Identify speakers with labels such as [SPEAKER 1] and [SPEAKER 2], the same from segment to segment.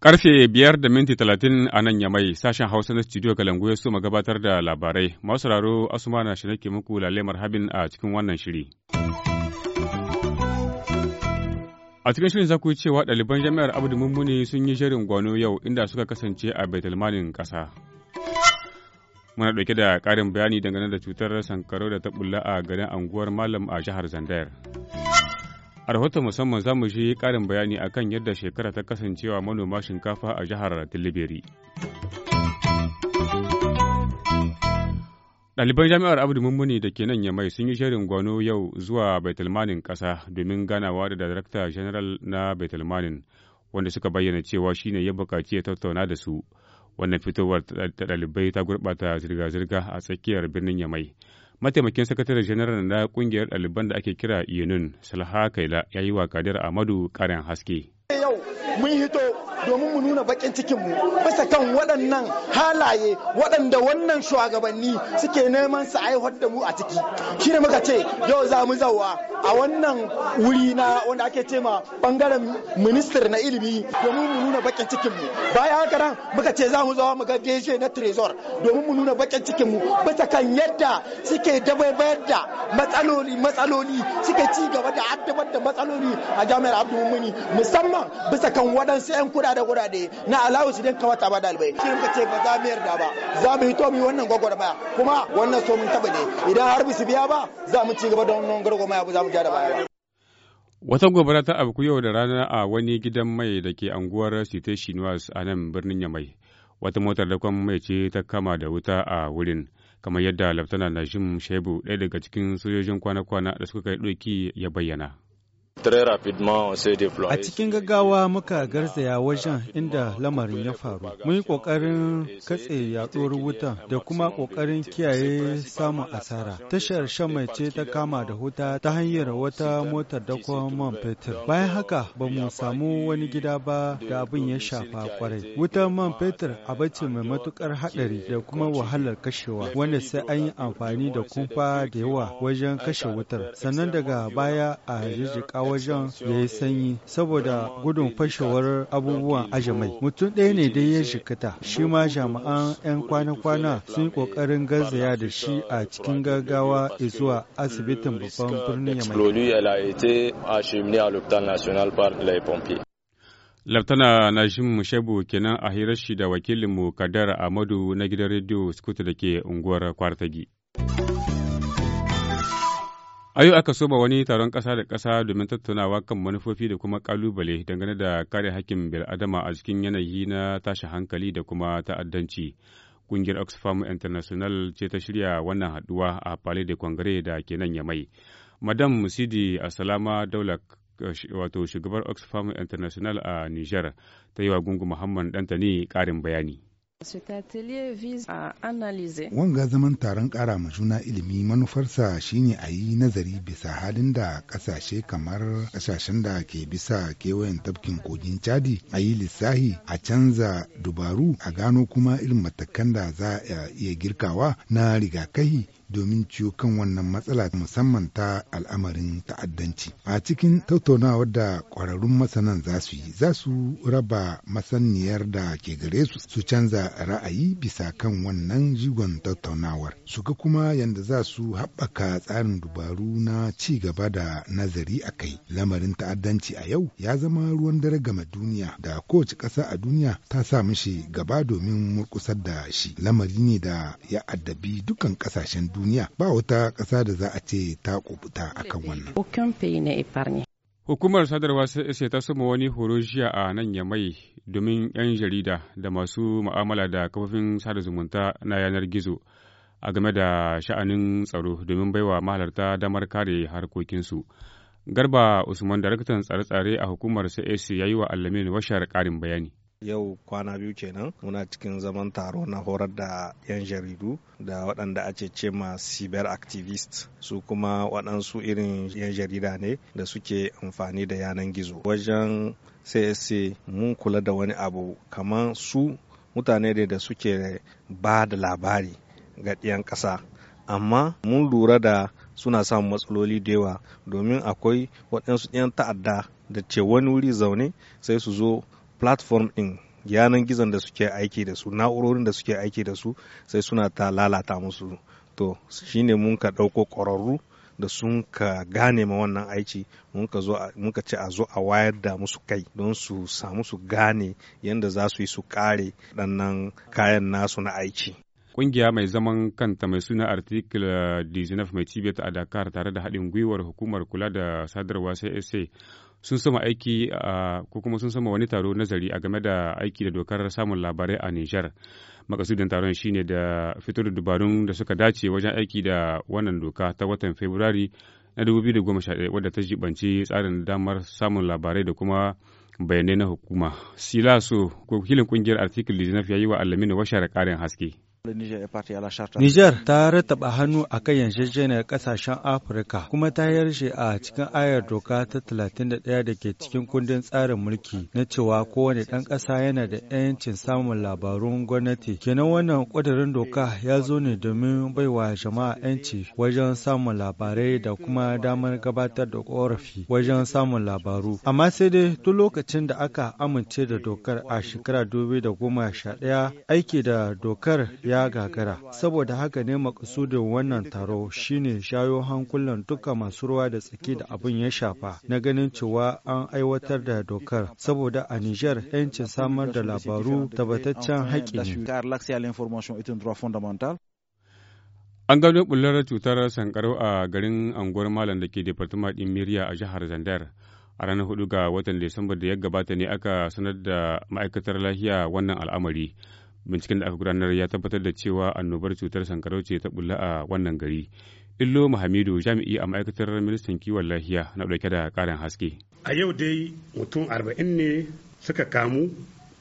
[SPEAKER 1] Karfe biyar da minti talatin a nan yamai sashen Hausa na studio Kalangu ya soma gabatar da labarai. Masu raro Asuma na shi nake muku lalemar habin a cikin wannan shiri. A cikin shirin za yi cewa ɗaliban jami'ar Abdu Mummuni sun yi shirin gwano yau inda suka kasance a Baitulmanin ƙasa. muna dauke da karin bayani dangane da cutar sankarau da ta bulla a garin anguwar malam a jihar zandayar a rahoton musamman za mu shi karin bayani a kan yadda shekara ta kasancewa manoma shinkafa a jihar tilibiri Ɗaliban jami'ar Abdu Mummuni da ke nan ya mai sun yi shirin gwano yau zuwa Baitulmanin ƙasa domin ganawa da Darakta General na Baitulmanin wanda suka bayyana cewa shine ya bukaci ya tattauna da su. wannan fitowar ta ɗalibai ta gurɓata zirga-zirga a tsakiyar birnin yamai mataimakin sakataren janar na ƙungiyar ɗaliban da ake kira yunun salha kaila ya yi wa kadir amadu ƙarin haske yau
[SPEAKER 2] mun hito domin mu nuna bakin cikinmu bisa kan waɗannan halaye waɗanda wannan shugabanni suke neman su aihuwar da mu a ciki shi ne muka ce yau za mu zauwa a wannan wuri na wanda ake ce ma bangaren minister na ilimi domin mu nuna bakin cikinmu bayan haka nan muka ce za mu zauwa mu ga deje na trezor domin mu nuna bakin cikinmu bisa kan yadda suke dabaibayar da matsaloli matsaloli suke ci gaba da addabar da matsaloli a jami'ar abdulmuni musamman bisa kan waɗansu 'yan kuɗa da gurade na allowance din ka wata ba dalibai shi muka ce ba za mu yarda ba za mu to mu wannan gwagwarmaya kuma wannan so mun taba ne idan har bisu biya ba za mu ci gaba da wannan gwagwarmaya ba za mu ja da baya
[SPEAKER 1] Wata gobara ta abu yau da rana a wani gidan mai da ke anguwar Site Chinoise a nan birnin Yamai. Wata motar da mai ce ta kama da wuta a wurin, kamar yadda Laftana Najim Shebu ɗaya daga cikin sojojin kwana-kwana da suka kai ɗoki ya bayyana. A cikin
[SPEAKER 3] gaggawa muka garzaya wajen inda lamarin ya faru. Mun yi ƙoƙarin katse yaɗuwar wutan da kuma ƙoƙarin kiyaye samun asara. Tashar shamai ce ta kama da wuta ta hanyar wata motar dakon man fetur. Bayan haka ba mu samu wani gida ba da abin ya shafa kwarai. Wutar man fetur a ce mai matuƙar haɗari da kuma wahalar kashewa wanda sai an yi amfani da kumfa da yawa wajen kashe wutar. Sannan daga baya a jijjiƙa wajen ya yi sanyi saboda gudun fashewar abubuwan ajamai mutum ɗaya ne dai ya shikata shi ma jami'an 'yan kwana-kwana sun ƙoƙarin garzaya da shi a cikin gaggawa zuwa asibitin babban birnin yamai
[SPEAKER 1] Laftana Najim shabu kenan a hirar shi da wakilinmu Kadar Amadu na gidan rediyo Skutu da ke unguwar Kwartagi. A yau aka soma wani taron ƙasa da ƙasa domin tattaunawa kan manufofi da kuma ƙalubale dangane da kare hakkin bil'adama a cikin yanayi na tashi hankali da kuma ta'addanci. Ƙungiyar Oxfam International ce ta shirya wannan haɗuwa a Palais de Congrès da ke nan Yamai. Madam Musidi Asalama daula wato shugabar Oxfam International a niger ta yi wa Gungu Muhammad Dantani ƙarin bayani.
[SPEAKER 4] Wanga zaman taron kara ma juna ilimi manufarsa shine a yi nazari bisa halin da kasashe kamar kasashen da ke bisa kewayen tafkin kogin Chadi a yi lissahi a canza dubaru a gano kuma irin matakan da za a iya girkawa na rigakahi domin ciwo kan wannan matsala musamman ta al'amarin ta'addanci. A cikin tattaunawar da ƙwararrun masanan za su yi, za su raba masaniyar da ke gare su su canza ra'ayi bisa kan wannan jigon tattaunawar. Su ga kuma yadda za su haɓaka tsarin dubaru na ci gaba da nazari a kai. Lamarin ta'addanci a yau ya zama ruwan dare game duniya da kowace ƙasa a duniya ta sa mishi gaba domin murƙusar da shi. Lamari ne da ya addabi dukkan ƙasashen duniya. duniya ba wata ƙasa da za a ce ta kubuta akan wannan.
[SPEAKER 1] Hukumar sadarwa sai ta sama wani horo jiya a nan ya mai domin 'yan jarida da masu ma'amala da kafofin sada zumunta na yanar gizo a game da sha'anin tsaro domin baiwa mahalarta damar kare harkokinsu. Garba Usman daraktan tsare-tsare a hukumar CAC ya yi wa Alamin washar karin bayani.
[SPEAKER 5] yau kwana biyu kenan muna cikin zaman taro na horar da 'yan jaridu da waɗanda ake ce ma cyber activist su kuma waɗansu irin 'yan jarida ne da suke amfani da yanan gizo wajen csc mun kula da wani abu kamar su mutane ne da suke ba da labari ga ɗiyan ƙasa amma mun lura da suna samun matsaloli da yawa domin akwai waɗansu 'yan ta'adda da ce wani wuri zaune sai su zo platform din yanan gizon da suke aiki da su na'urorin da suke aiki da su sai suna ta lalata musu to shine mun ka ɗauko ƙwararru da sun ka gane ma wannan aiki mun ka ce a zo a wayar da musu kai don su samu su gane yadda za su yi su kare ɗannan kayan nasu na aiki.
[SPEAKER 1] Ƙungiya mai zaman kanta mai suna Article 19 mai cibiyar a Dakar tare da haɗin gwiwar hukumar kula da sadarwa CSA sun sama aiki ko kuma sun sama wani taro nazari a game da aiki da dokar samun labarai a Nijar. Makasudin taron shine da fito da dubarun da suka dace wajen aiki da wannan doka ta watan Februari na 2011 wadda ta jibanci tsarin damar samun labarai da kuma bayanai na hukuma. Silaso ko hilin kungiyar Article 19 ya yi wa Alamina da ƙarin haske. Nijar ta rattaba hannu a kan yarjejeniyar
[SPEAKER 3] kasashen Afirka kuma ta yarshe a cikin ayar doka ta 31 da ke cikin kundin tsarin mulki na cewa kowane ɗan ƙasa yana da 'yancin samun labarun gwamnati. Kenan wannan ƙudurin doka ya zo ne domin baiwa jama'a 'yanci wajen samun labarai da kuma damar gabatar da ƙorafi wajen samun labaru. Amma sai dai duk lokacin da aka amince da dokar a shekara 2011 aiki da dokar ya ya gagara. Saboda haka ne makasudin wannan taro shine shayo hankulan duka masu ruwa da tsaki da abin ya shafa na ganin cewa an aiwatar da dokar saboda a Nijar 'yancin samar da labaru tabbataccen haƙƙi ne.
[SPEAKER 1] An gano bullar cutar sankarau a garin anguwar Malam da ke Departima ɗin Miriya a jihar Zandar. A ranar hudu ga watan Disamba da ya gabata ne aka sanar da ma'aikatar lafiya wannan al'amari. binciken da aka gudanar ya tabbatar da cewa annobar cutar sankarau ce ta bulla a wannan gari illo muhammadu jami'i a ma'aikatar ministan kiwon lafiya na dauke da karin haske a yau dai mutum arba'in ne suka kamu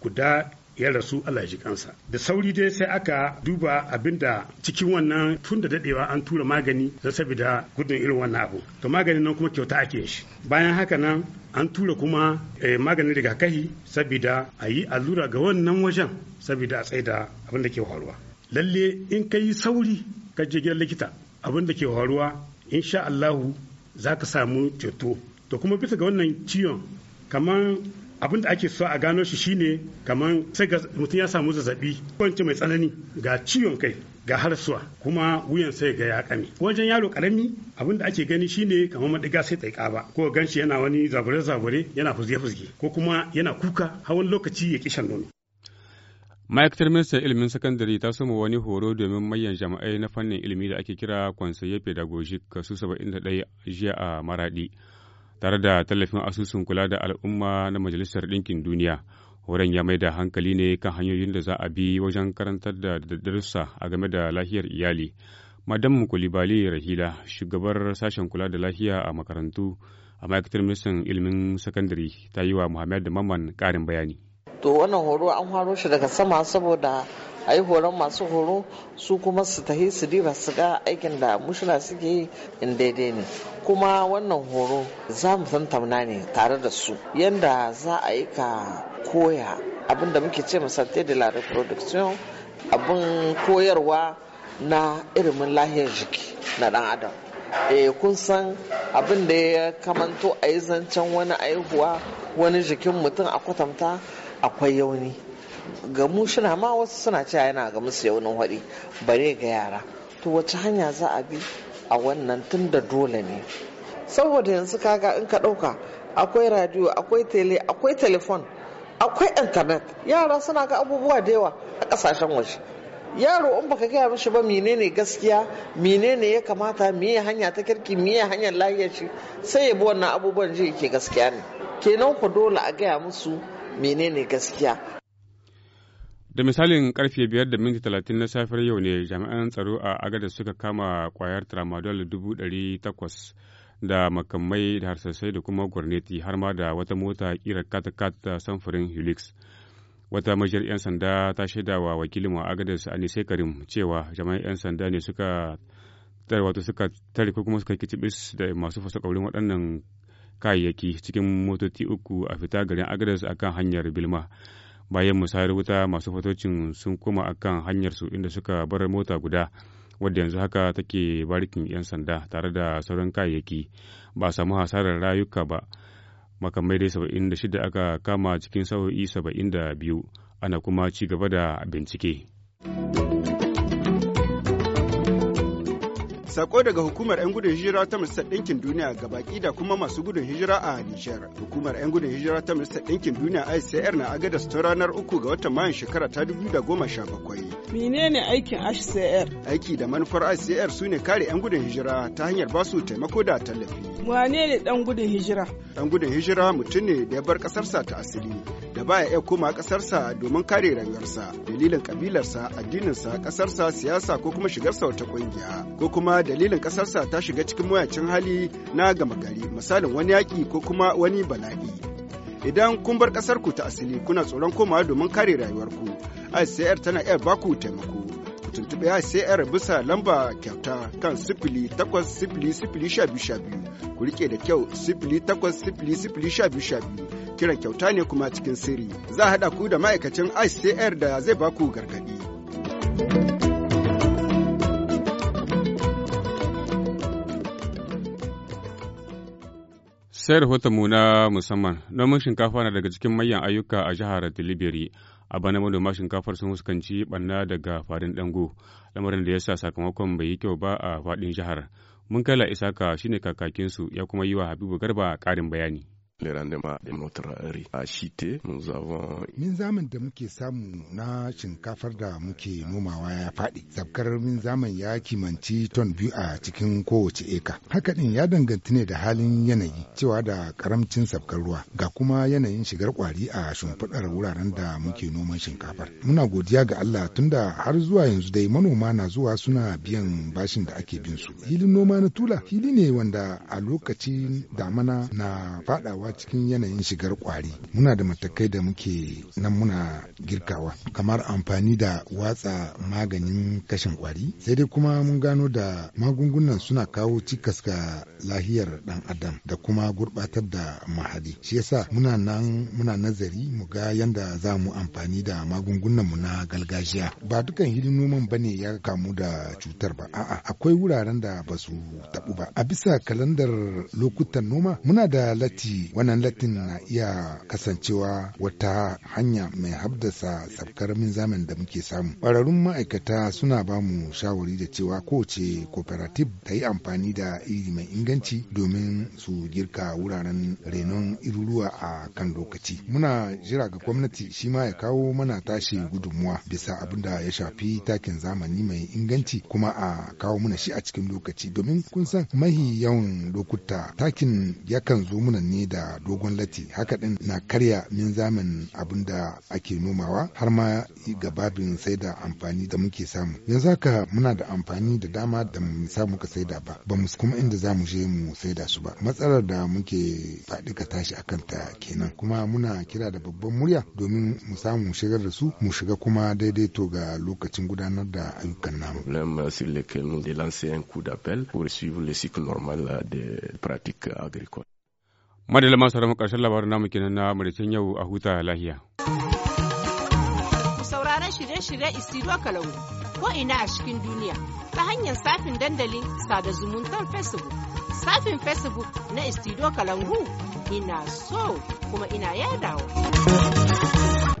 [SPEAKER 1] guda ya rasu Allah ji kansa da sauri dai sai aka duba abinda cikin wannan tun da dadewa an tura magani da saboda gudun irin wannan abu to maganin nan kuma kyauta ake shi bayan haka nan an tura kuma eh, maganin rigakahi saboda a yi allura ga wannan wajen saboda a tsaida abin da ke faruwa lalle in ka yi sauri ka je gidan likita abin da ke faruwa insha Allahu za ka samu ceto to kuma bisa ga wannan ciwon kamar abin da ake so a gano shi shine kamar sai ga mutum ya samu zazzabi ko mai tsanani ga ciwon kai ga harsuwa kuma wuyan sai ga yakami wajen yaro karami abin da ake gani shine kamar madiga sai tsaika ba ko ganshi yana wani zabure zabure yana fuzge fuzge ko kuma yana kuka hawan lokaci ya kishan nono ma'aikatar ministan ilimin sakandare ta samu wani horo domin mayan jama'ai na fannin ilimi da ake kira kwansaye pedagogic kasu 71 jiya a maradi tare da tallafin asusun kula da al'umma na Majalisar Ɗinkin Duniya. wurin ya mai da hankali ne kan hanyoyin da za a bi wajen karantar da darussa a game da lahiyar iyali. Madam Kulibali Rahila, shugabar sashen kula da lahiya a makarantu a ma'aikatar ministan ilimin sakandare, ta yi wa Muhammad Maman ƙarin bayani.
[SPEAKER 6] To wannan horo an haro shi daga sama saboda a horon masu horo su kuma su tahi su diba su ga aikin da mushina suke yi in daidai ne kuma wannan horo za mu ne tare da su yadda za a yi ka koya abin da muke ce masante de la reproduction abin koyarwa na irimin lahiyar jiki na dan adam e kun san abin da ya kamanto a yi zancen wani aihuwa wani jikin mutum a kwatanta akwai yauni ga mu na, ma wasu suna cewa yana ga musu yaunin haɗi bare ga yara to wace hanya za a bi a wannan tun da dole ne saboda yanzu kaga in ka ɗauka akwai radio akwai tele akwai telefon akwai intanet yara suna ga abubuwa da yawa a ƙasashen waje yaro in baka gaya mishi ba menene gaskiya menene ya kamata miye hanya ta kirki miye hanyar lahiyar shi sai ya bi wannan abubuwan ji yake gaskiya ne kenan ku dole a gaya musu menene gaskiya
[SPEAKER 1] Da misalin karfe biyar da minti talatin na safiyar yau ne jami'an tsaro a agada suka kama kwayar tramadol dubu ɗari takwas da makamai da harsasai da kuma gwarneti har ma da wata mota kira katakat da samfurin helix. Wata majiyar 'yan sanda ta shaida wa wakilin wa a Anise Karim cewa jami'an 'yan sanda ne suka tare wato suka tare kuma suka kicibis da masu fasa kaurin waɗannan kayayyaki cikin motoci uku a fita garin agadas akan hanyar Bilma. bayan musayar wuta masu fatocin sun koma akan hanyarsu inda suka bar mota guda wadda yanzu haka take barikin 'yan sanda tare da sauran kayayyaki ba a samu hasarar rayuka ba makamai dai saba'in da shida aka kama cikin sa'o'i biyu ana kuma ci gaba da bincike.
[SPEAKER 2] Sako daga hukumar 'yan gudun hijira ta Majalisar Ɗinkin Duniya ga baki da kuma masu gudun hijira a Nijar. Hukumar 'yan gudun hijira ta Majalisar Ɗinkin Duniya ICR na su ta ranar uku ga watan Mayun shekara ta 2017. Menene aikin ICR? Aiki da manufar ICR su ne kare 'yan gudun hijira ta hanyar ba su taimako da tallafi. Wane ne ɗan gudun hijira? Ɗan gudun hijira mutum ne da ya bar ƙasarsa ta asali da baya iya koma ƙasarsa domin kare rangarsa dalilin kabilarsa addininsa ƙasarsa siyasa ko kuma shigarsa wata ƙungiya ko kuma dalilin ƙasarsa ta shiga cikin mayacin hali na gama gari misalin wani yaƙi ko kuma wani bala'i idan kun bar ƙasarku ta asali kuna tsoron komawa domin kare rayuwarku ICR tana iya baku taimako Ku tuntuɓe ICR bisa lamba kyauta kan sifili takwas sifili sifili sha biyu sha biyu ku riƙe da kyau sifili takwas sifili sifili sha biyu sha biyu Kiran kyauta ne kuma cikin sirri. Za a haɗa ku da ma'aikacin ICR da zai baku gargaɗi.
[SPEAKER 1] sai rahotonmu na musamman noman shinkafa na daga cikin manyan ayyuka a jihar Tilibiri a bana manoma shinkafar sun fuskanci ɓanna daga farin dango lamarin da ya sa sakamakon bai yi kyau ba a fadin jihar mun kala isaka shine kakakinsu ya kuma yi wa habibu garba karin bayani le rendement de notre riz. A chuté. nous avons.
[SPEAKER 4] Minzamin da muke samu na shinkafar da muke nomawa ya faɗi. min zaman ya kimanci ton biyu a cikin kowace eka. Haka ɗin ya danganci ne da halin yanayi cewa da karamcin sabkar ruwa ga kuma yanayin shigar kwari a shimfiɗar wuraren da muke noman shinkafar. Muna godiya ga Allah tunda har zuwa yanzu dai manoma na zuwa suna biyan bashin da ake bin su. hilin noma na tula Hili ne wanda a lokacin damana na faɗawa a cikin yanayin shigar kwari muna da matakai da muke nan muna girkawa kamar amfani da watsa maganin kashin kwari sai dai kuma mun gano da magungunan suna kawo cikas ga lahiyar dan adam da kuma gurbatar da mahali shi yasa muna nan muna nazari mu ga yanda za mu amfani da magungunan mu na galgajiya. ba dukan hidin noman bane ya kamu da cutar ba a'a akwai wuraren da ba su tabu ba a bisa kalandar lokutan noma muna da lati wannan latin na iya kasancewa wata hanya mai haddasa sabkar zamani da muke samu ƙwararrun ma'aikata suna ba mu shawari da cewa kowace cooperative ta yi amfani da iri mai inganci domin su girka wuraren renon iruruwa a kan lokaci muna jira ga gwamnati shi ma ya kawo mana tashi gudunmuwa bisa abin da ya shafi takin zamani mai inganci kuma a kawo mana shi a cikin lokaci domin kun san mahi yawan lokuta takin yakan zo mana ne da dogon latti haka din na karya min zamin abin da ake nomawa har ma ga babin sai da amfani da muke samu yanzu haka muna da amfani da dama da mu samu ka saida ba ba mu kuma inda za mu je mu saida su ba matsalar da muke faɗi ka tashi akan ta kenan kuma muna kira da babban murya domin mu samu shigar da su mu shiga kuma daidai to ga
[SPEAKER 1] lokacin gudanar da ayyukan namu. Même les lequel de lancer un coup d'appel pour suivre le cycle normal des pratiques agricoles. madalla masu ramu ƙarshen labarin namu kenan na maricin yau a huta lahiya.
[SPEAKER 6] Ku sauraron shirye-shirye Isiro kalangu ko ina a cikin duniya ta hanyar safin dandalin sada zumuntar Facebook. Safin Facebook na Isiro Kalangu ina so kuma ina yadawa.